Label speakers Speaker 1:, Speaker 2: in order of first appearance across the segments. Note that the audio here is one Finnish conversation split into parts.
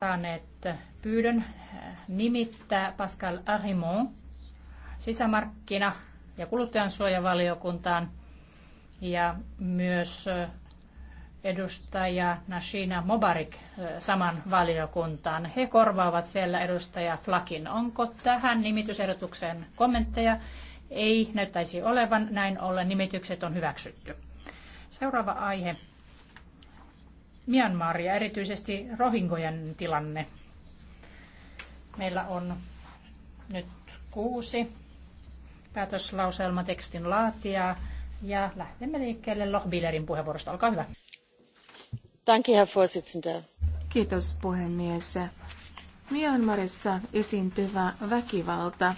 Speaker 1: saaneet pyydön äh, nimittää Pascal Arimon sisämarkkina- ja kuluttajansuojavaliokuntaan ja myös äh, edustaja Nashina Mobarik äh, saman valiokuntaan. He korvaavat siellä edustaja Flakin. Onko tähän nimitysehdotukseen kommentteja? Ei näyttäisi olevan. Näin ollen nimitykset on hyväksytty. Seuraava aihe. Myanmar ja erityisesti Rohingojen tilanne. Meillä on nyt kuusi päätöslauselmatekstin laatijaa ja lähdemme liikkeelle lohbilerin puheenvuorosta. Olkaa hyvä.
Speaker 2: Danke, Herr Vorsitzender. Kiitos puhemies. Myanmarissa esiintyvä väkivalta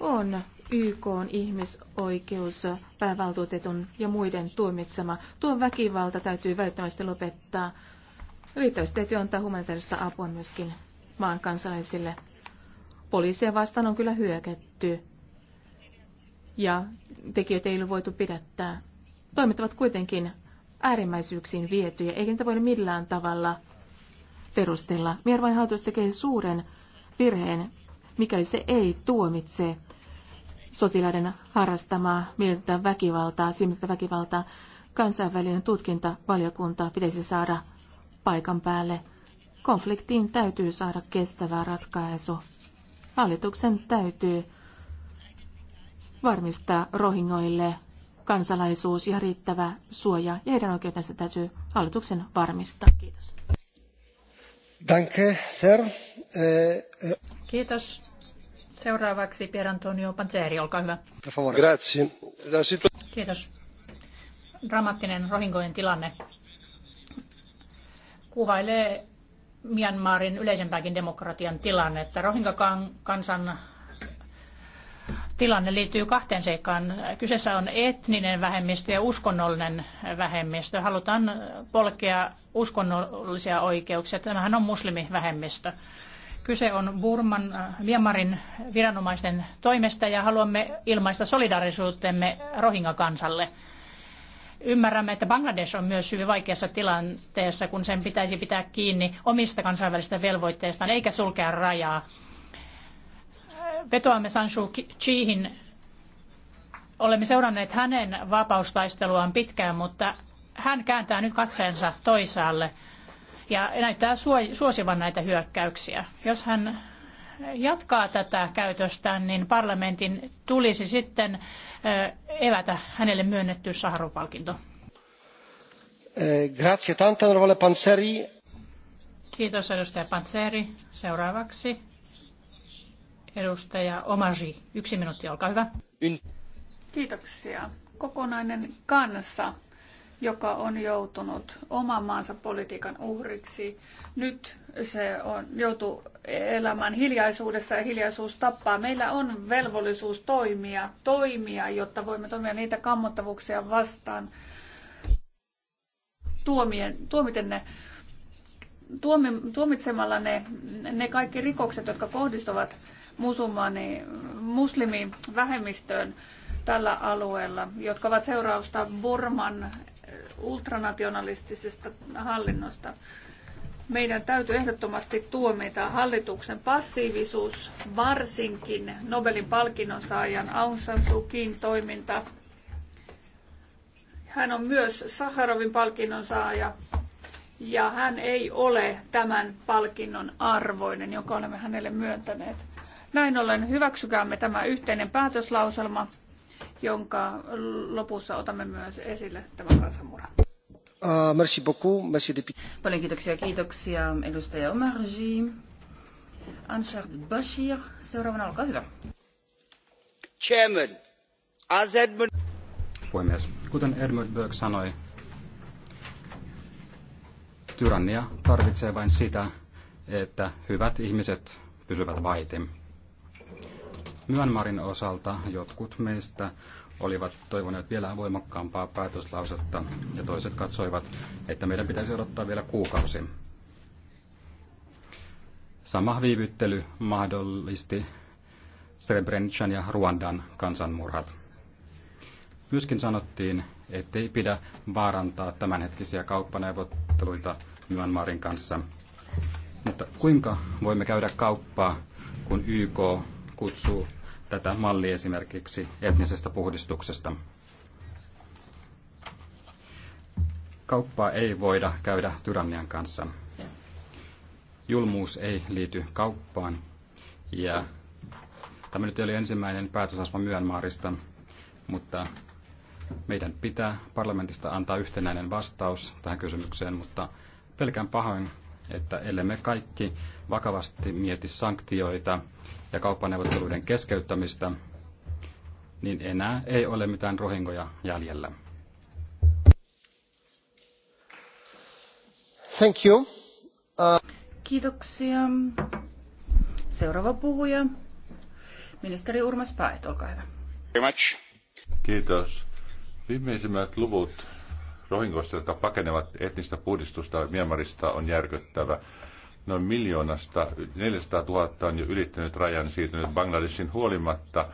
Speaker 2: on YK on ihmisoikeus päävaltuutetun ja muiden tuomitsema. Tuo väkivalta täytyy välttämättä lopettaa. Riittävästi täytyy antaa humanitaarista apua myöskin maan kansalaisille. Poliisia vastaan on kyllä hyökätty ja tekijöitä ei ole voitu pidättää. Toimet ovat kuitenkin äärimmäisyyksiin vietyjä, eikä niitä voida millään tavalla perustella. Miervain hallitus tekee suuren virheen, mikäli se ei tuomitse sotilaiden harrastamaa mieltä väkivaltaa, silmittä väkivaltaa. Kansainvälinen tutkintavaliokunta pitäisi saada paikan päälle. Konfliktiin täytyy saada kestävä ratkaisu. Hallituksen täytyy varmistaa rohingoille kansalaisuus ja riittävä suoja. Ja heidän oikeutensa täytyy hallituksen varmistaa. Kiitos.
Speaker 1: Danke, sir. Eh, eh. Kiitos. Seuraavaksi Pier Antonio Panzeri, olkaa hyvä. Kiitos. Dramaattinen rohinkojen tilanne kuvailee Myanmarin yleisempääkin demokratian tilannetta. Rohingya-kansan tilanne liittyy kahteen seikkaan. Kyseessä on etninen vähemmistö ja uskonnollinen vähemmistö. Halutaan polkea uskonnollisia oikeuksia. Tämähän on muslimivähemmistö. vähemmistö Kyse on Burman, äh, Myanmarin viranomaisten toimesta ja haluamme ilmaista solidaarisuutemme Rohinga-kansalle. Ymmärrämme, että Bangladesh on myös hyvin vaikeassa tilanteessa, kun sen pitäisi pitää kiinni omista kansainvälisistä velvoitteistaan eikä sulkea rajaa. Vetoamme Sansu Chihin. Olemme seuranneet hänen vapaustaisteluaan pitkään, mutta hän kääntää nyt katseensa toisaalle – ja näyttää suosivan näitä hyökkäyksiä. Jos hän jatkaa tätä käytöstään, niin parlamentin tulisi sitten evätä hänelle myönnetty Saharov-palkinto.
Speaker 3: Eh, grazie tante, onorevole Panseri.
Speaker 1: Kiitos edustaja Panseri. Seuraavaksi edustaja Omasi. Yksi minuutti, olkaa hyvä.
Speaker 4: Kiitoksia. Kokonainen kansa joka on joutunut oman maansa politiikan uhriksi. Nyt se on, joutu elämään hiljaisuudessa ja hiljaisuus tappaa. Meillä on velvollisuus toimia, toimia, jotta voimme toimia niitä kammottavuuksia vastaan. Tuomien, tuomiten ne, tuomi, tuomitsemalla ne, ne kaikki rikokset, jotka kohdistuvat musulmani, muslimivähemmistöön tällä alueella, jotka ovat seurausta Burman ultranationalistisesta hallinnosta. Meidän täytyy ehdottomasti tuomita hallituksen passiivisuus, varsinkin Nobelin palkinnon saajan Aung San Suu Kyin toiminta. Hän on myös Saharovin palkinnon saaja ja hän ei ole tämän palkinnon arvoinen, jonka olemme hänelle myöntäneet. Näin ollen hyväksykäämme tämä yhteinen päätöslauselma jonka lopussa otamme myös esille tämän kansanmurhan.
Speaker 3: Uh, merci beaucoup, monsieur Depi.
Speaker 5: Paljon kiitoksia, kiitoksia edustaja Omarji. Anshard Bashir, seuraavana olkaa hyvä. Chairman, as Edmund...
Speaker 3: Puhemies, kuten Edmund Burke sanoi, tyrannia tarvitsee vain sitä, että hyvät ihmiset pysyvät vaitin. Myanmarin osalta jotkut meistä olivat toivoneet vielä voimakkaampaa päätöslausetta ja toiset katsoivat, että meidän pitäisi odottaa vielä kuukausi. Sama viivyttely mahdollisti Srebrenican ja Ruandan kansanmurhat. Myöskin sanottiin, ettei pidä vaarantaa tämänhetkisiä kauppaneuvotteluita Myanmarin kanssa. Mutta kuinka voimme käydä kauppaa, kun YK kutsuu tätä mallia esimerkiksi etnisestä puhdistuksesta. Kauppaa ei voida käydä tyrannian kanssa. Julmuus ei liity kauppaan. Ja tämä nyt oli ensimmäinen päätösasma Myönmaarista, mutta meidän pitää parlamentista antaa yhtenäinen vastaus tähän kysymykseen, mutta pelkään pahoin, että me kaikki vakavasti mieti sanktioita ja kauppaneuvotteluiden keskeyttämistä, niin enää ei ole mitään rohingoja jäljellä.
Speaker 5: Thank you. Uh... Kiitoksia. Seuraava puhuja, ministeri Urmas Paet, olkaa hyvä.
Speaker 6: Very much. Kiitos. Viimeisimmät luvut rohingoista, jotka pakenevat etnistä puhdistusta Myanmarista, on järkyttävä noin miljoonasta 400 000 on jo ylittänyt rajan siirtynyt Bangladesin huolimatta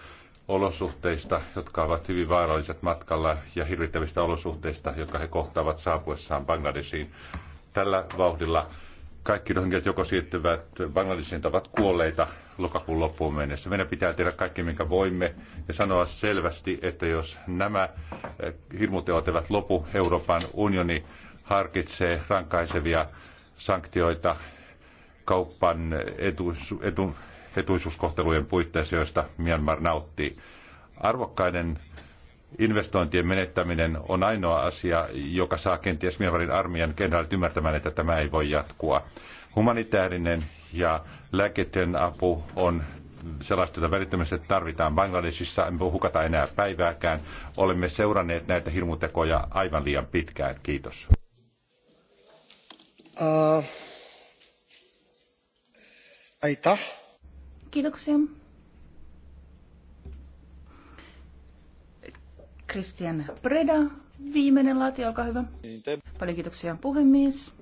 Speaker 6: olosuhteista, jotka ovat hyvin vaaralliset matkalla ja hirvittävistä olosuhteista, jotka he kohtaavat saapuessaan Bangladesiin. Tällä vauhdilla kaikki rohingyat joko siirtyvät Bangladesiin ovat kuolleita lokakuun loppuun mennessä. Meidän pitää tehdä kaikki, minkä voimme ja sanoa selvästi, että jos nämä eh, hirmuteot eivät lopu, Euroopan unioni harkitsee rankaisevia sanktioita kaupan etuis, etu, etuisuuskohtelujen puitteissa, joista Myanmar nauttii. Arvokkainen investointien menettäminen on ainoa asia, joka saa kenties Myanmarin armeijan kenraalit ymmärtämään, että tämä ei voi jatkua. Humanitaarinen ja lääketen apu on sellaista, jota välittömästi tarvitaan Bangladesissa. Emme voi hukata enää päivääkään. Olemme seuranneet näitä hirmutekoja aivan liian pitkään. Kiitos.
Speaker 3: Uh...
Speaker 5: Aita. Kiitoksia. Christian Preda, viimeinen laati, olkaa hyvä. Paljon kiitoksia puhemies.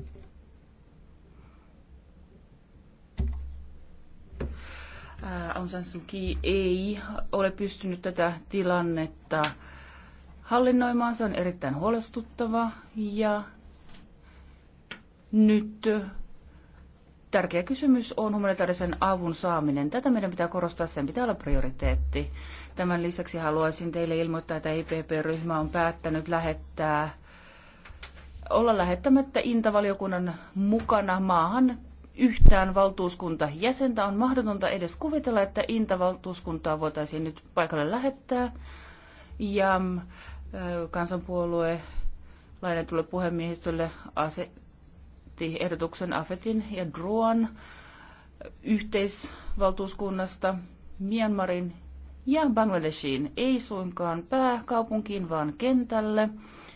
Speaker 5: Äh, Aung San Suu Kyi ei ole pystynyt tätä tilannetta hallinnoimaan. Se on erittäin huolestuttava ja nyt tärkeä kysymys on humanitaarisen avun saaminen. Tätä meidän pitää korostaa, sen pitää olla prioriteetti. Tämän lisäksi haluaisin teille ilmoittaa, että IPP-ryhmä on päättänyt lähettää olla lähettämättä Intavaliokunnan mukana maahan yhtään valtuuskuntajäsentä. On mahdotonta edes kuvitella, että Intavaltuuskuntaa voitaisiin nyt paikalle lähettää. Ja kansanpuolue lainatulle puhemiehistölle otti ehdotuksen AFETin ja DROAN yhteisvaltuuskunnasta Myanmarin ja Bangladeshiin, ei suinkaan pääkaupunkiin, vaan kentälle.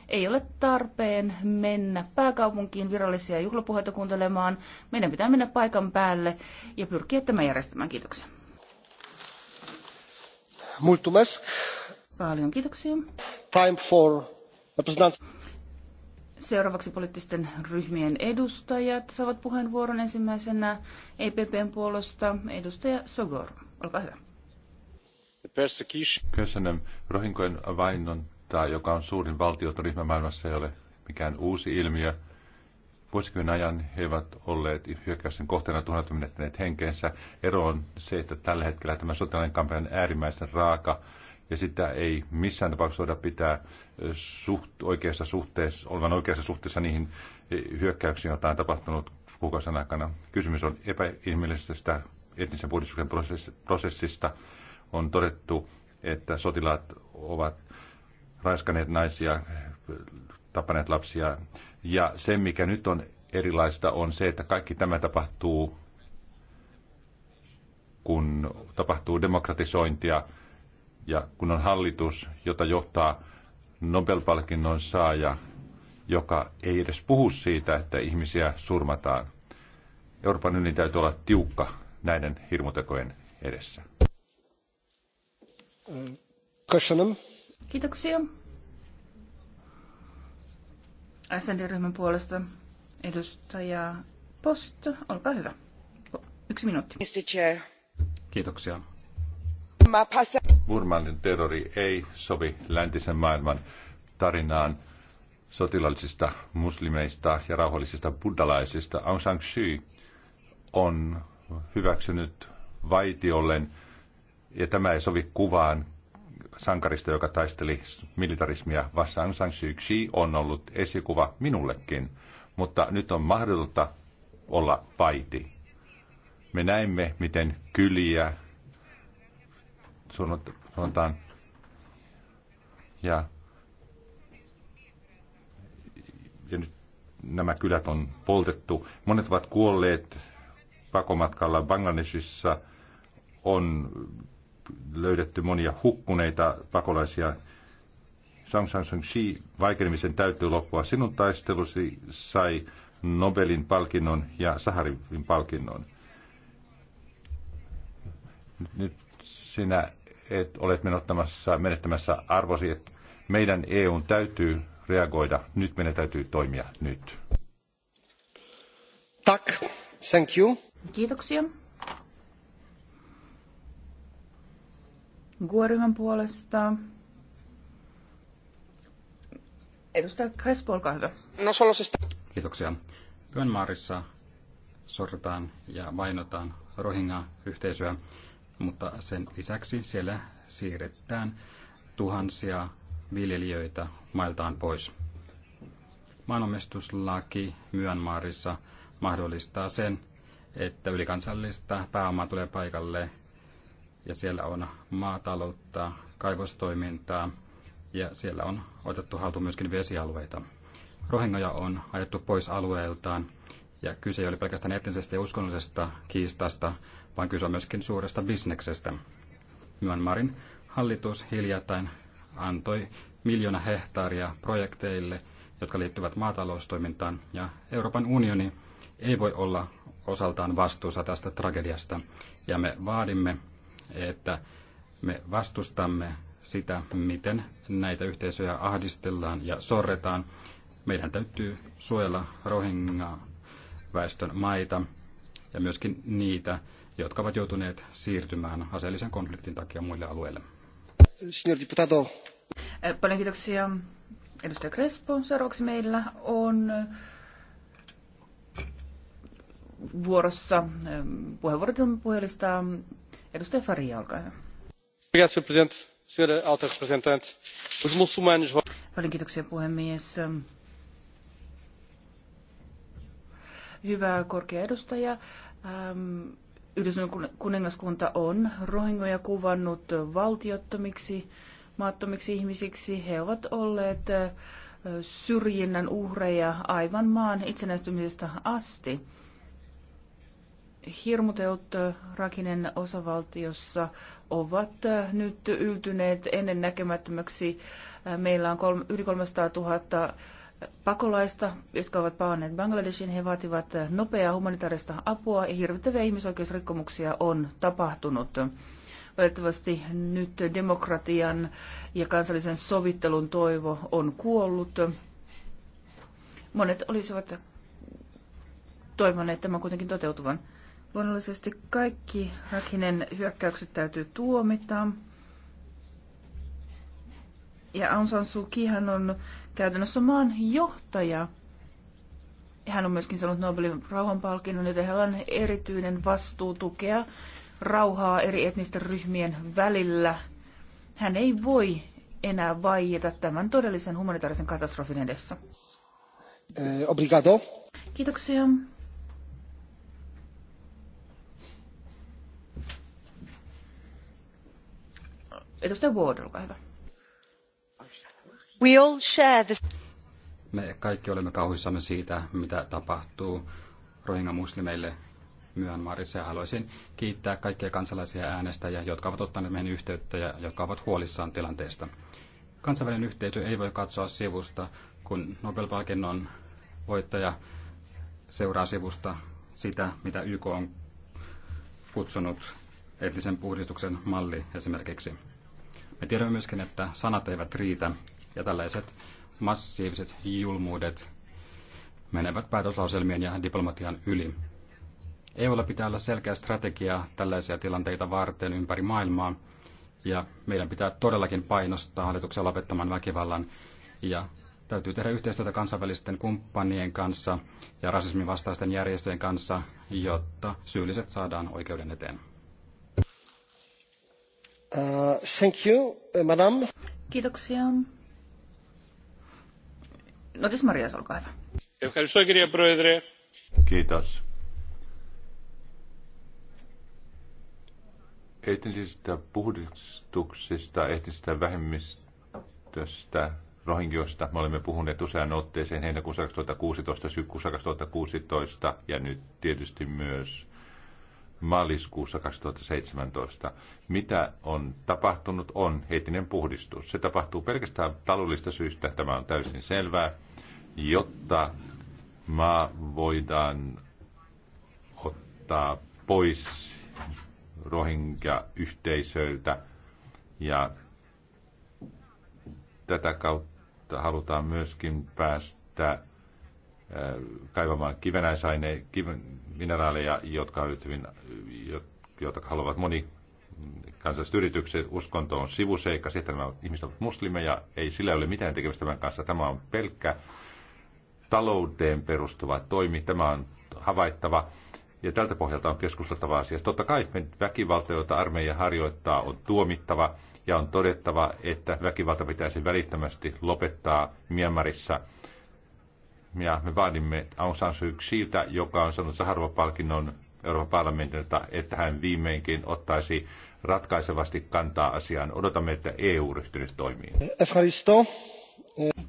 Speaker 5: Ei ole tarpeen mennä pääkaupunkiin virallisia juhlapuheita kuuntelemaan. Meidän pitää mennä paikan päälle ja pyrkiä tämän järjestämään. Kiitoksia. Mulțumesc. Paljon kiitoksia. Time for representatives. Seuraavaksi poliittisten ryhmien edustajat saavat puheenvuoron ensimmäisenä EPPn puolesta. Edustaja Sogor, olkaa hyvä.
Speaker 6: Köszönöm. Rohinkojen vainonta, joka on suurin valtioryhmä maailmassa, ei ole mikään uusi ilmiö. Vuosikymmenen ajan he ovat olleet hyökkäyksen kohteena tuhannet menettäneet henkeensä. Ero on se, että tällä hetkellä tämä sotilainen kampanja on äärimmäisen raaka ja sitä ei missään tapauksessa voida pitää suht, oikeassa suhteessa, olevan oikeassa suhteessa niihin hyökkäyksiin, joita on tapahtunut kuukausien aikana. Kysymys on epäinhimillisestä etnisen puhdistuksen prosessista. On todettu, että sotilaat ovat raiskaneet naisia, tapaneet lapsia. Ja se, mikä nyt on erilaista, on se, että kaikki tämä tapahtuu, kun tapahtuu demokratisointia – ja kun on hallitus, jota johtaa Nobel-palkinnon saaja, joka ei edes puhu siitä, että ihmisiä surmataan. Euroopan unionin täytyy olla tiukka näiden hirmutekojen edessä.
Speaker 5: Kiitoksia. SND-ryhmän puolesta edustaja Post, olkaa hyvä. Yksi minuutti. Mr. Chair.
Speaker 6: Kiitoksia, Burmanin terrori ei sovi läntisen maailman tarinaan sotilaallisista muslimeista ja rauhallisista buddalaisista. Aung San Suu on hyväksynyt vaitiollen, ja tämä ei sovi kuvaan sankarista, joka taisteli militarismia vastaan. Aung San Suu Kyi on ollut esikuva minullekin, mutta nyt on mahdotonta olla vaiti. Me näimme, miten kyliä, suuntaan. Ja, ja nyt nämä kylät on poltettu. Monet ovat kuolleet pakomatkalla Bangladesissa. On löydetty monia hukkuneita pakolaisia. Sang San Suu Kyi vaikenemisen täytyy loppua. Sinun taistelusi sai Nobelin palkinnon ja Saharin palkinnon. Nyt sinä et olet menottamassa, menettämässä arvosi, että meidän EUn täytyy reagoida. Nyt meidän täytyy toimia nyt. Tak, thank you.
Speaker 5: Kiitoksia. Guoryhmän puolesta. Edustaja Crespo, olkaa
Speaker 3: hyvä. No, solosista. Kiitoksia. Myönmaarissa sortaan ja vainotaan rohinga yhteisöä mutta sen lisäksi siellä siirretään tuhansia viljelijöitä mailtaan pois. Maanomistuslaki Myanmarissa mahdollistaa sen, että ylikansallista pääomaa tulee paikalle ja siellä on maataloutta, kaivostoimintaa ja siellä on otettu haltuun myöskin vesialueita. Rohingoja on ajettu pois alueeltaan ja kyse ei ole pelkästään etnisestä ja uskonnollisesta kiistasta, vaan kyse on myöskin suuresta bisneksestä. Myanmarin hallitus hiljattain antoi miljoona hehtaaria projekteille, jotka liittyvät maataloustoimintaan, ja Euroopan unioni ei voi olla osaltaan vastuussa tästä tragediasta. Ja me vaadimme, että me vastustamme sitä, miten näitä yhteisöjä ahdistellaan ja sorretaan. Meidän täytyy suojella rohinga väestön maita ja myöskin niitä, jotka ovat joutuneet siirtymään aseellisen konfliktin takia muille alueille. Signor diputato.
Speaker 5: Paljon kiitoksia. Edustaja Crespo, seuraavaksi meillä on vuorossa puheenvuorot puhelista. Edustaja Fari, olkaa hyvä. Paljon kiitoksia puhemies. Hyvä korkea edustaja. Ähm, Yhdysvallan kuningaskunta on rohingoja kuvannut valtiottomiksi, maattomiksi ihmisiksi. He ovat olleet äh, syrjinnän uhreja aivan maan itsenäistymisestä asti. Hirmuteot äh, Rakinen osavaltiossa ovat äh, nyt yltyneet ennen näkemättömäksi. Meillä on yli 300 000 pakolaista, jotka ovat paanneet Bangladeshin. He vaativat nopeaa humanitaarista apua ja hirvittäviä ihmisoikeusrikkomuksia on tapahtunut. Valitettavasti nyt demokratian ja kansallisen sovittelun toivo on kuollut. Monet olisivat toivoneet tämän kuitenkin toteutuvan. Luonnollisesti kaikki Rakinen hyökkäykset täytyy tuomita. Ja Aung San Suu Kyi on käytännössä maan johtaja. Hän on myöskin saanut Nobelin rauhanpalkinnon, joten hänellä on erityinen vastuu tukea rauhaa eri etnisten ryhmien välillä. Hän ei voi enää vaieta tämän todellisen humanitaarisen katastrofin edessä.
Speaker 3: Eh, obrigado. Kiitoksia. Edustaja
Speaker 5: Ward, olkaa hyvä. We all share this.
Speaker 3: Me kaikki olemme kauhuissamme siitä, mitä tapahtuu Rohingya-muslimeille Myanmarissa ja haluaisin kiittää kaikkia kansalaisia äänestäjiä, jotka ovat ottaneet meihin yhteyttä ja jotka ovat huolissaan tilanteesta. Kansainvälinen yhteisö ei voi katsoa sivusta, kun Nobel-palkinnon voittaja seuraa sivusta sitä, mitä YK on kutsunut etnisen puhdistuksen malli esimerkiksi. Me tiedämme myöskin, että sanat eivät riitä, ja tällaiset massiiviset julmuudet menevät päätöslauselmien ja diplomatian yli. EUlla pitää olla selkeä strategia tällaisia tilanteita varten ympäri maailmaa, ja meidän pitää todellakin painostaa hallituksen lopettamaan väkivallan, ja täytyy tehdä yhteistyötä kansainvälisten kumppanien kanssa ja rasismin vastaisten järjestöjen kanssa, jotta syylliset saadaan oikeuden eteen. Uh, thank you,
Speaker 5: uh, madam. Kiitoksia. Notis Marias,
Speaker 6: olkaa hyvä. Kiitos. etnisistä puhdistuksista, etnisistä vähemmistöstä, rohingiosta. Me olemme puhuneet usean otteeseen heinäkuussa 2016, syyskuussa 2016 ja nyt tietysti myös maaliskuussa 2017. Mitä on tapahtunut, on heitinen puhdistus. Se tapahtuu pelkästään taloudellista syystä, tämä on täysin selvää, jotta maa voidaan ottaa pois rohingya-yhteisöiltä ja tätä kautta halutaan myöskin päästä kaivamaan kivenäisaine, kiven, mineraaleja, jotka ovat hyvin, joita haluavat moni kansalliset yritykset, uskonto on sivuseikka, sitten nämä ihmiset ovat muslimeja, ei sillä ole mitään tekemistä tämän kanssa. Tämä on pelkkä talouteen perustuva toimi, tämä on havaittava ja tältä pohjalta on keskusteltava asia. Totta kai väkivalta, jota armeija harjoittaa, on tuomittava ja on todettava, että väkivalta pitäisi välittömästi lopettaa Myanmarissa – ja me vaadimme Aung San Suu Kyiltä, joka on saanut Saharova-palkinnon Euroopan parlamentilta, että hän viimeinkin ottaisi ratkaisevasti kantaa asiaan. Odotamme, että EU ryhtyy nyt toimiin.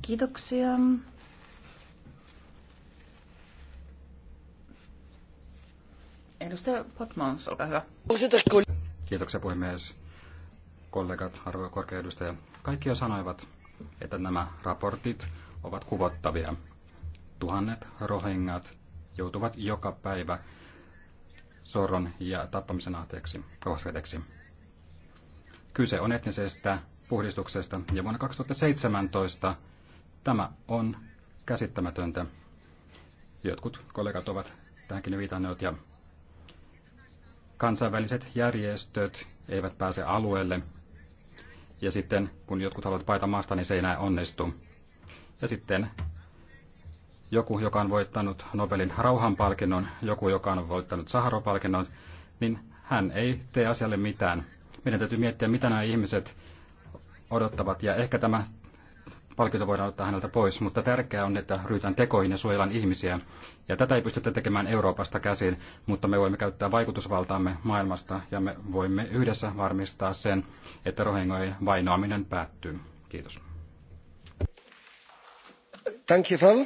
Speaker 5: Kiitoksia. Edustaja
Speaker 3: Potmans, olkaa hyvä. Kiitoksia puhemies. Kollegat, arvoja korkea edustaja. Kaikki jo sanoivat, että nämä raportit ovat kuvottavia tuhannet rohengat joutuvat joka päivä sorron ja tappamisen kohteeksi. Kyse on etnisestä puhdistuksesta ja vuonna 2017 tämä on käsittämätöntä. Jotkut kollegat ovat tähänkin viitanneet ja kansainväliset järjestöt eivät pääse alueelle. Ja sitten kun jotkut haluavat paita maasta, niin se ei enää onnistu. Ja sitten joku, joka on voittanut Nobelin rauhanpalkinnon, joku, joka on voittanut Saharo-palkinnon, niin hän ei tee asialle mitään. Meidän täytyy miettiä, mitä nämä ihmiset odottavat, ja ehkä tämä palkinto voidaan ottaa häneltä pois, mutta tärkeää on, että ryhdytään tekoihin ja suojellaan ihmisiä. Ja tätä ei pystytä tekemään Euroopasta käsin, mutta me voimme käyttää vaikutusvaltaamme maailmasta, ja me voimme yhdessä varmistaa sen, että rohingojen vainoaminen päättyy. Kiitos. Thank you,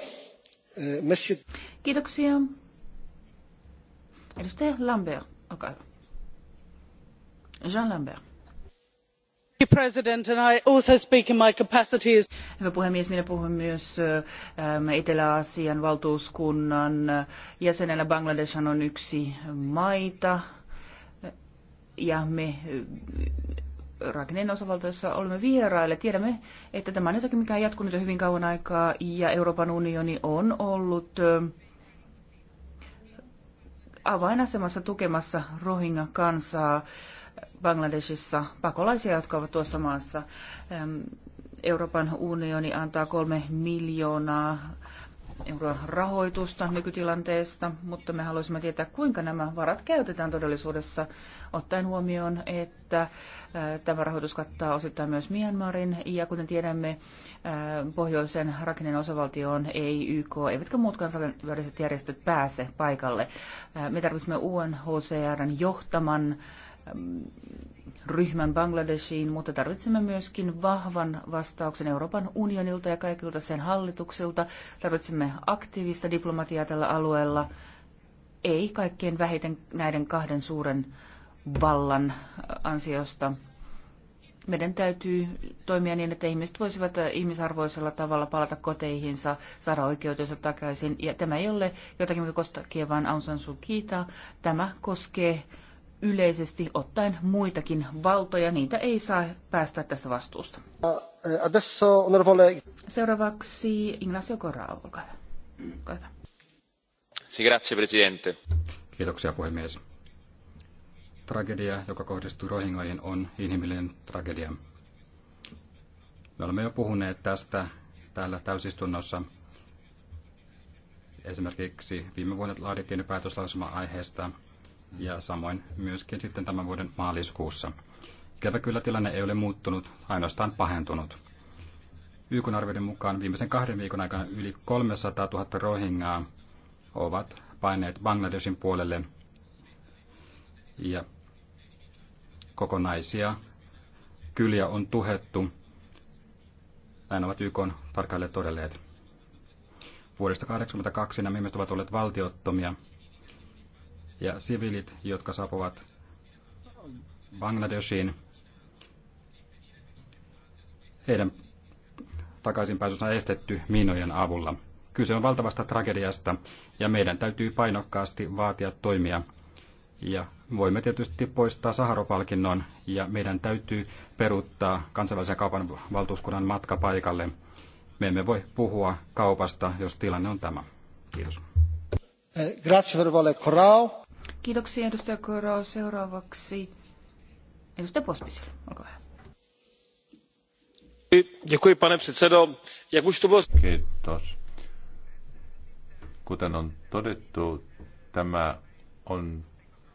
Speaker 3: Monsieur...
Speaker 5: Kiitoksia. Edustaja Lambert, olkaa hyvä. Jean Lambert. President, and I also speak in my Hyvä puhemies, minä puhun myös ähm, Etelä-Aasian valtuuskunnan jäsenenä. Bangladesh on yksi maita ja me osavalta, jossa olemme vieraille. Tiedämme, että tämä on jotakin, mikä on jatkunut jo hyvin kauan aikaa ja Euroopan unioni on ollut avainasemassa tukemassa Rohingya-kansaa Bangladesissa pakolaisia, jotka ovat tuossa maassa. Euroopan unioni antaa kolme miljoonaa euron rahoitusta nykytilanteesta, mutta me haluaisimme tietää, kuinka nämä varat käytetään todellisuudessa, ottaen huomioon, että äh, tämä rahoitus kattaa osittain myös Myanmarin, ja kuten tiedämme, äh, pohjoisen rakenneen osavaltioon ei YK, eivätkä muut kansainväliset järjestöt pääse paikalle. Äh, me tarvitsemme UNHCRn johtaman ryhmän Bangladeshiin, mutta tarvitsemme myöskin vahvan vastauksen Euroopan unionilta ja kaikilta sen hallituksilta. Tarvitsemme aktiivista diplomatiaa tällä alueella, ei kaikkein vähiten näiden kahden suuren vallan äh, ansiosta. Meidän täytyy toimia niin, että ihmiset voisivat äh, ihmisarvoisella tavalla palata koteihinsa, saada oikeutensa takaisin. Ja tämä ei ole jotakin, mikä koskee vain Aung San Suu Kiita. Tämä koskee yleisesti ottaen muitakin valtoja, niitä ei saa päästä tässä vastuusta. Eh, Seuraavaksi Ignacio Corrao, olkaa
Speaker 3: hyvä. Olkaa hyvä. Grazie, presidente. Kiitoksia puhemies. Tragedia, joka kohdistuu rohingoihin, on inhimillinen tragedia. Me olemme jo puhuneet tästä täällä täysistunnossa. Esimerkiksi viime vuonna laadittiin päätöslausuma aiheesta, ja samoin myöskin sitten tämän vuoden maaliskuussa. Ikävä kyllä tilanne ei ole muuttunut, ainoastaan pahentunut. YKn arvioiden mukaan viimeisen kahden viikon aikana yli 300 000 rohingaa ovat paineet Bangladesin puolelle ja kokonaisia kyliä on tuhettu. Näin ovat YK tarkkailijat todelleet. Vuodesta 1982 nämä ihmiset ovat olleet valtiottomia ja sivilit, jotka saapuvat Bangladeshiin, heidän takaisinpääsynsä on estetty miinojen avulla. Kyse on valtavasta tragediasta ja meidän täytyy painokkaasti vaatia toimia. Ja voimme tietysti poistaa Saharopalkinnon ja meidän täytyy peruuttaa kansainvälisen kaupan valtuuskunnan matka paikalle. Me emme voi puhua kaupasta, jos tilanne on tämä. Kiitos. Eh, grazie, Corrao.
Speaker 5: Kiitoksia edustaja Koro. Seuraavaksi edustaja Pospisil.
Speaker 3: Olkaa
Speaker 6: hyvä. Kiitos. Kuten on todettu, tämä on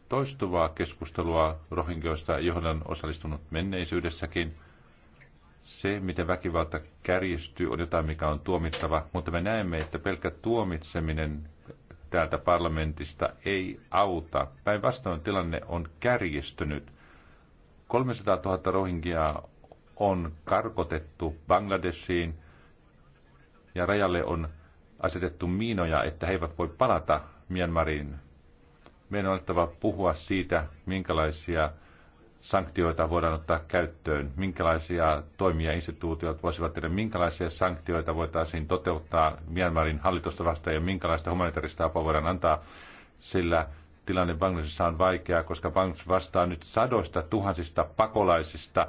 Speaker 6: toistuvaa keskustelua rohingioista, johon on osallistunut menneisyydessäkin. Se, miten väkivalta kärjistyy, on jotain, mikä on tuomittava, mutta me näemme, että pelkkä tuomitseminen täältä parlamentista ei auta. Päinvastoin tilanne on kärjistynyt. 300 000 rohingiaa on karkotettu Bangladesiin ja rajalle on asetettu miinoja, että he eivät voi palata Myanmariin. Meidän on alettava puhua siitä, minkälaisia sanktioita voidaan ottaa käyttöön, minkälaisia toimia instituutiot voisivat tehdä, minkälaisia sanktioita voitaisiin toteuttaa Myanmarin hallitusta vastaan ja minkälaista humanitaarista apua voidaan antaa, sillä tilanne Bangladesissa on vaikea, koska Bangladesh vastaa nyt sadoista tuhansista pakolaisista.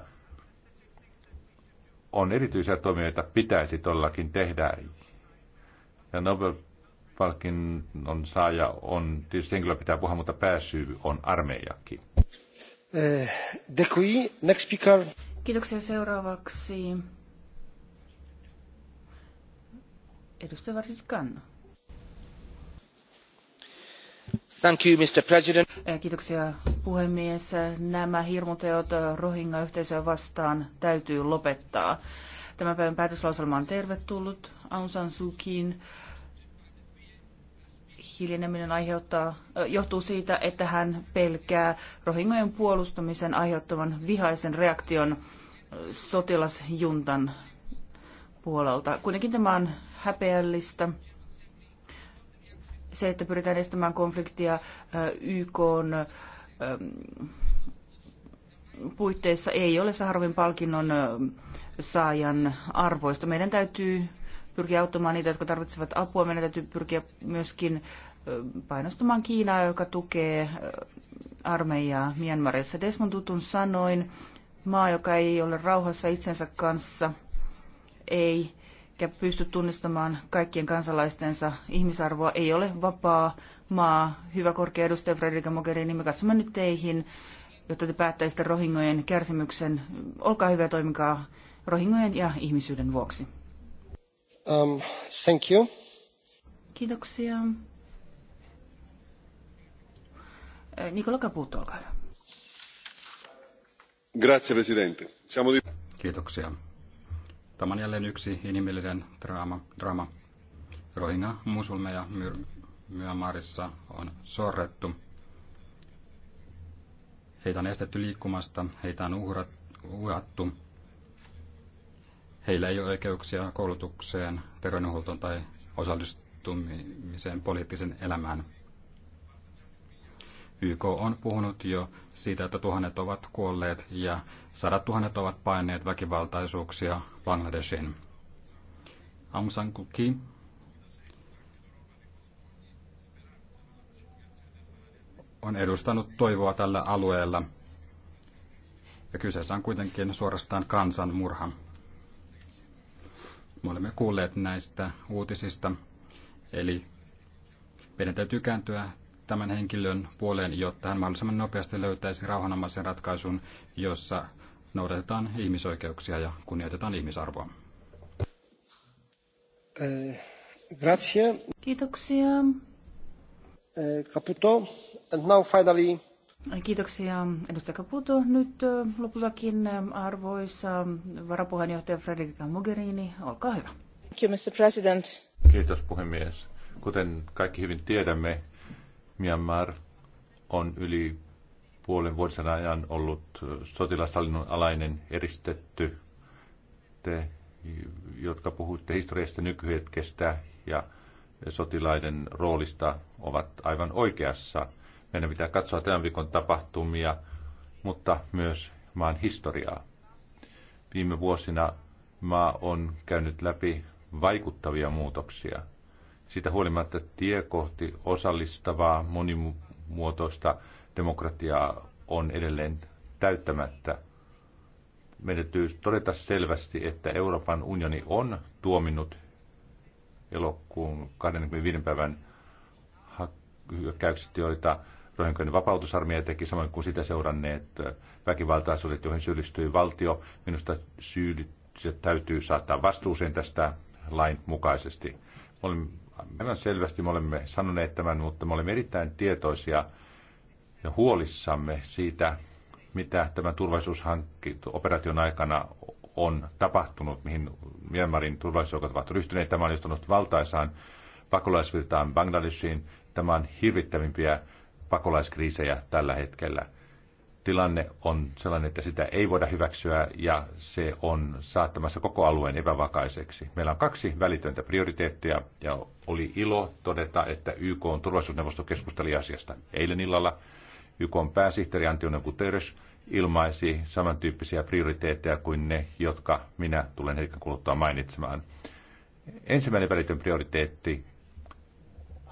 Speaker 6: On erityisiä toimia, joita pitäisi todellakin tehdä. Ja Nobel-palkinnon saaja on, tietysti henkilö pitää puhua, mutta pääsyy on armeijakin. Eh,
Speaker 5: kiitoksia seuraavaksi. Edustaja Varsit Kanno. Thank you, Mr. President. Eh, kiitoksia puhemies. Nämä hirmuteot rohinga yhteisöä vastaan täytyy lopettaa. Tämän päivän päätöslauselma on tervetullut. Aung San Suu Kyiin hiljeneminen aiheuttaa, johtuu siitä, että hän pelkää rohingojen puolustamisen aiheuttavan vihaisen reaktion sotilasjuntan puolelta. Kuitenkin tämä on häpeällistä. Se, että pyritään estämään konfliktia YK puitteissa ei ole Saharovin palkinnon saajan arvoista. Meidän täytyy pyrkiä auttamaan niitä, jotka tarvitsevat apua. Meidän täytyy pyrkiä myöskin painostamaan Kiinaa, joka tukee armeijaa Myanmarissa. Desmond Tutun sanoin, maa, joka ei ole rauhassa itsensä kanssa, ei pysty tunnistamaan kaikkien kansalaistensa ihmisarvoa, ei ole vapaa maa. Hyvä korkea edustaja Frederica Mogherini, me katsomme nyt teihin, jotta te päättäisitte rohingojen kärsimyksen. Olkaa hyvä, toimikaa rohingojen ja ihmisyyden vuoksi. Um, Kiitoksia. Eh, Nikola Caputo, olkaa hyvä.
Speaker 6: Grazie, Presidente. Siamo di...
Speaker 3: Kiitoksia. Tämä on jälleen yksi inhimillinen draama. draama. Rohingya musulmeja Myanmarissa on sorrettu. Heitä on estetty liikkumasta, heitä on uhrat, uhattu Heillä ei ole oikeuksia koulutukseen, terveydenhuoltoon tai osallistumiseen poliittisen elämään. YK on puhunut jo siitä, että tuhannet ovat kuolleet ja sadat tuhannet ovat paineet väkivaltaisuuksia Bangladeshin. Aung San Suu Kyi on edustanut toivoa tällä alueella, ja kyseessä on kuitenkin suorastaan kansanmurha. Me olemme kuulleet näistä uutisista, eli meidän täytyy kääntyä tämän henkilön puoleen, jotta hän mahdollisimman nopeasti löytäisi rauhanomaisen ratkaisun, jossa noudatetaan ihmisoikeuksia ja kunnioitetaan ihmisarvoa. Eh, Kiitoksia. Eh, Caputo. And now finally
Speaker 5: Kiitoksia edustaja Caputo. Nyt lopultakin arvoisa varapuheenjohtaja Frederica Mogherini, olkaa hyvä. Thank you, Mr. President.
Speaker 6: Kiitos puhemies. Kuten kaikki hyvin tiedämme, Myanmar on yli puolen vuosien ajan ollut sotilashallinnon alainen eristetty. Te, jotka puhutte historiasta nykyhetkestä ja sotilaiden roolista, ovat aivan oikeassa – meidän pitää katsoa tämän viikon tapahtumia, mutta myös maan historiaa. Viime vuosina maa on käynyt läpi vaikuttavia muutoksia. Siitä huolimatta tie kohti osallistavaa, monimuotoista demokratiaa on edelleen täyttämättä. Meidän täytyy todeta selvästi, että Euroopan unioni on tuominnut elokuun 25. päivän hyökkäykset, joita Rohinkojen vapautusarmeija teki, samoin kuin sitä seuranneet väkivaltaisuudet, joihin syyllistyi valtio. Minusta syylliset täytyy saattaa vastuuseen tästä lain mukaisesti. Olemme, aivan selvästi me olemme sanoneet tämän, mutta me olemme erittäin tietoisia ja huolissamme siitä, mitä tämän operaation aikana on tapahtunut, mihin Myanmarin turvallisuusjoukot ovat ryhtyneet. Tämä on johtanut valtaisaan pakolaisvirtaan Bangladeshiin. Tämä on hirvittävimpiä pakolaiskriisejä tällä hetkellä. Tilanne on sellainen, että sitä ei voida hyväksyä ja se on saattamassa koko alueen epävakaiseksi. Meillä on kaksi välitöntä prioriteettia ja oli ilo todeta, että YK on turvallisuusneuvosto keskusteli asiasta eilen illalla. YK on pääsihteeri Antonio Guterres ilmaisi samantyyppisiä prioriteetteja kuin ne, jotka minä tulen hetken kuluttua mainitsemaan. Ensimmäinen välitön prioriteetti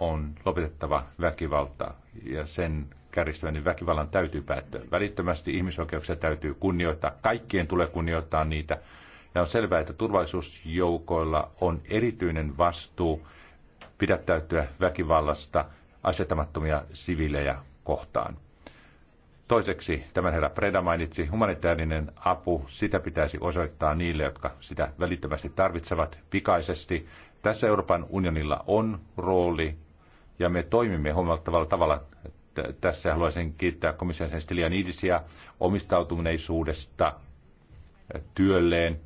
Speaker 6: on lopetettava väkivalta ja sen kärjistäminen niin väkivallan täytyy päättyä. Välittömästi ihmisoikeuksia täytyy kunnioittaa. Kaikkien tulee kunnioittaa niitä. Ja on selvää, että turvallisuusjoukoilla on erityinen vastuu pidättäytyä väkivallasta asettamattomia siviilejä kohtaan. Toiseksi, tämän herra Preda mainitsi, humanitaarinen apu, sitä pitäisi osoittaa niille, jotka sitä välittömästi tarvitsevat pikaisesti. Tässä Euroopan unionilla on rooli ja me toimimme huomattavalla tavalla. Tässä haluaisin kiittää komission Stilianidisia omistautuneisuudesta eh, työlleen,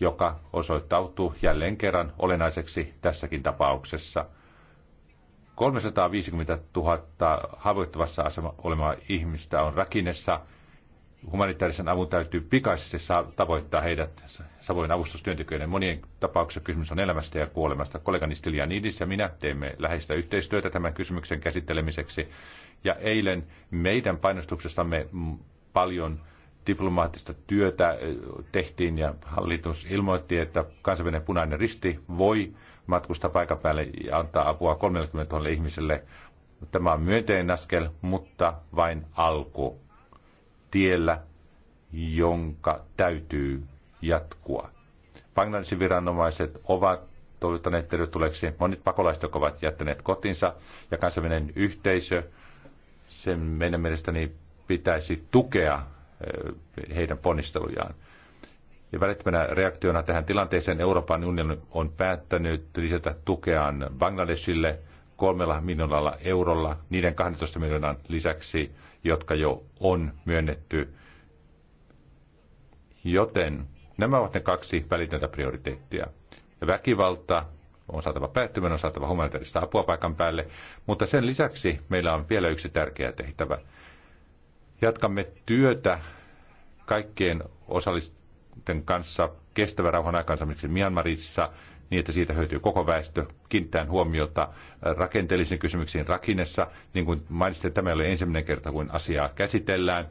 Speaker 6: joka osoittautuu jälleen kerran olennaiseksi tässäkin tapauksessa. 350 000 haavoittuvassa asemassa olevaa ihmistä on Rakinessa – humanitaarisen avun täytyy pikaisesti saa, tavoittaa heidät, samoin avustustyöntekijöiden. Monien tapauksessa kysymys on elämästä ja kuolemasta. Kollegani Stilianidis ja minä teemme läheistä yhteistyötä tämän kysymyksen käsittelemiseksi. Ja eilen meidän painostuksestamme paljon diplomaattista työtä tehtiin ja hallitus ilmoitti, että kansainvälinen punainen risti voi matkustaa paikan päälle ja antaa apua 30 000 ihmiselle. Tämä on myönteinen askel, mutta vain alku tiellä, jonka täytyy jatkua. Bangladesin viranomaiset ovat toivottaneet tervetulleeksi monet pakolaiset, jotka ovat jättäneet kotinsa ja kansainvälinen yhteisö. Sen meidän mielestäni pitäisi tukea eh, heidän ponnistelujaan. Ja välittömänä reaktiona tähän tilanteeseen Euroopan unioni on päättänyt lisätä tukeaan Bangladesille kolmella miljoonalla eurolla niiden 12 miljoonan lisäksi, jotka jo on myönnetty. Joten nämä ovat ne kaksi välitöntä prioriteettia. Väkivalta on saatava päättymään, on saatava humanitaarista apua paikan päälle, mutta sen lisäksi meillä on vielä yksi tärkeä tehtävä. Jatkamme työtä kaikkien osallisten kanssa kestävän rauhan esimerkiksi Myanmarissa niin, että siitä hyötyy koko väestö, kiinnittäen huomiota äh, rakenteellisiin kysymyksiin rakinnessa. Niin kuin mainitsin, tämä oli ensimmäinen kerta, kun asiaa käsitellään.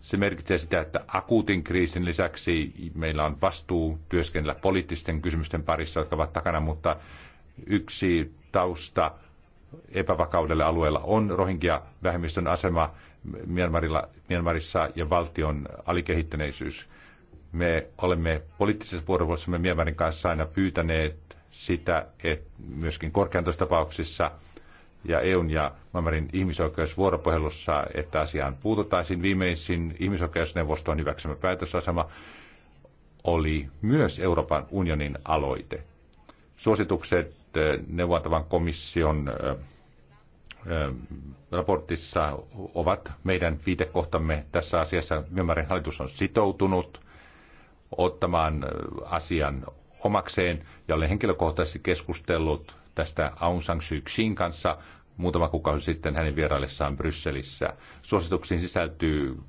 Speaker 6: Se merkitsee sitä, että akuutin kriisin lisäksi meillä on vastuu työskennellä poliittisten kysymysten parissa, jotka ovat takana, mutta yksi tausta epävakaudelle alueella on rohinkia vähemmistön asema Myanmarilla, Myanmarissa ja valtion alikehittäneisyys. Me olemme poliittisessa vuorovuorossamme Miemärin kanssa aina pyytäneet sitä, että myöskin korkeantoistapauksissa ja EUn ja Miemärin ihmisoikeusvuoropuhelussa, että asiaan puututtaisiin. Viimeisin ihmisoikeusneuvoston hyväksymä päätösasema oli myös Euroopan unionin aloite. Suositukset neuvontavan komission raportissa ovat meidän viitekohtamme tässä asiassa. Myanmarin hallitus on sitoutunut ottamaan asian omakseen ja olen henkilökohtaisesti keskustellut tästä Aung San Suu Kyiin kanssa muutama kuukausi sitten hänen vieraillessaan Brysselissä. Suosituksiin sisältyy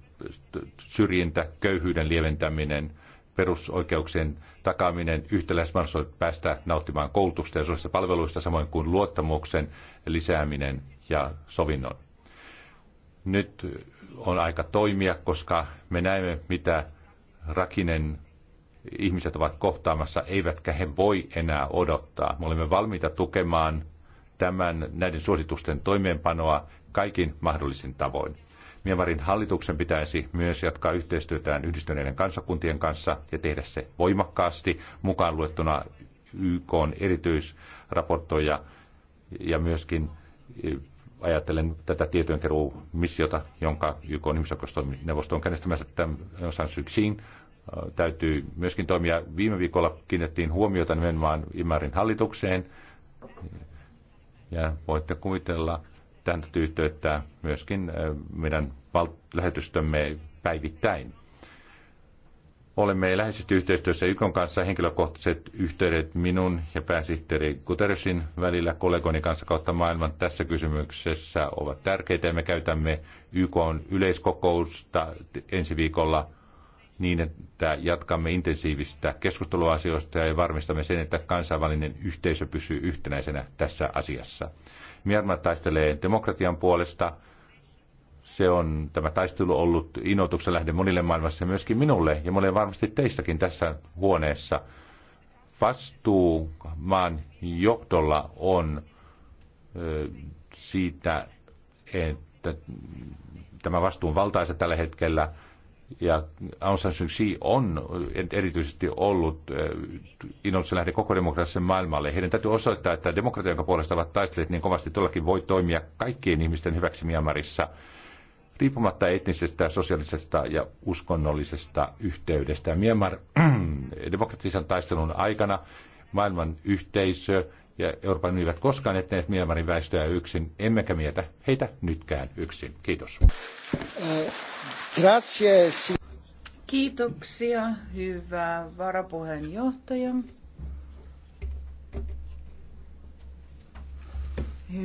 Speaker 6: syrjintä, köyhyyden lieventäminen, perusoikeuksien takaaminen, yhtäläismahdollisuudet päästä nauttimaan koulutusta ja sosiaalista palveluista, samoin kuin luottamuksen lisääminen ja sovinnon. Nyt on aika toimia, koska me näemme, mitä Rakinen ihmiset ovat kohtaamassa, eivätkä he voi enää odottaa. Me olemme valmiita tukemaan tämän, näiden suositusten toimeenpanoa kaikin mahdollisin tavoin. Myanmarin hallituksen pitäisi myös jatkaa yhteistyötään yhdistyneiden kansakuntien kanssa ja tehdä se voimakkaasti, mukaan luettuna YK on erityisraportoja ja myöskin eh, ajattelen tätä tietojenkeruumissiota, jonka YK on ihmisoikeusneuvosto on käynnistämässä tämän San Suu täytyy myöskin toimia. Viime viikolla kiinnittiin huomiota nimenomaan Imarin hallitukseen. Ja voitte kuvitella tämän yhteyttä myöskin äh, meidän lähetystömme päivittäin. Olemme läheisesti yhteistyössä YKn kanssa henkilökohtaiset yhteydet minun ja pääsihteeri Guterresin välillä kollegoni kanssa kautta maailman tässä kysymyksessä ovat tärkeitä me käytämme YKn yleiskokousta ensi viikolla – niin, että jatkamme intensiivistä keskustelua asioista ja varmistamme sen, että kansainvälinen yhteisö pysyy yhtenäisenä tässä asiassa. Myanmar taistelee demokratian puolesta. Se on tämä taistelu ollut innoituksen lähde monille maailmassa ja myöskin minulle ja monille varmasti teistäkin tässä huoneessa. Vastuu maan johdolla on siitä, että tämä on valtaisa tällä hetkellä – ja Aung San Suu Kyi on erityisesti ollut eh, innostuksen lähde koko demokraattisen maailmalle. Heidän täytyy osoittaa, että demokratia, jonka puolesta ovat taistelleet niin kovasti, todellakin voi toimia kaikkien ihmisten hyväksi Myanmarissa, riippumatta etnisestä, sosiaalisesta ja uskonnollisesta yhteydestä. Myanmar demokratisen taistelun aikana maailman yhteisö ja Euroopan unioni eivät koskaan etteneet Myanmarin väestöä yksin, emmekä mietä heitä nytkään yksin. Kiitos.
Speaker 5: Kiitoksia, hyvä varapuheenjohtaja.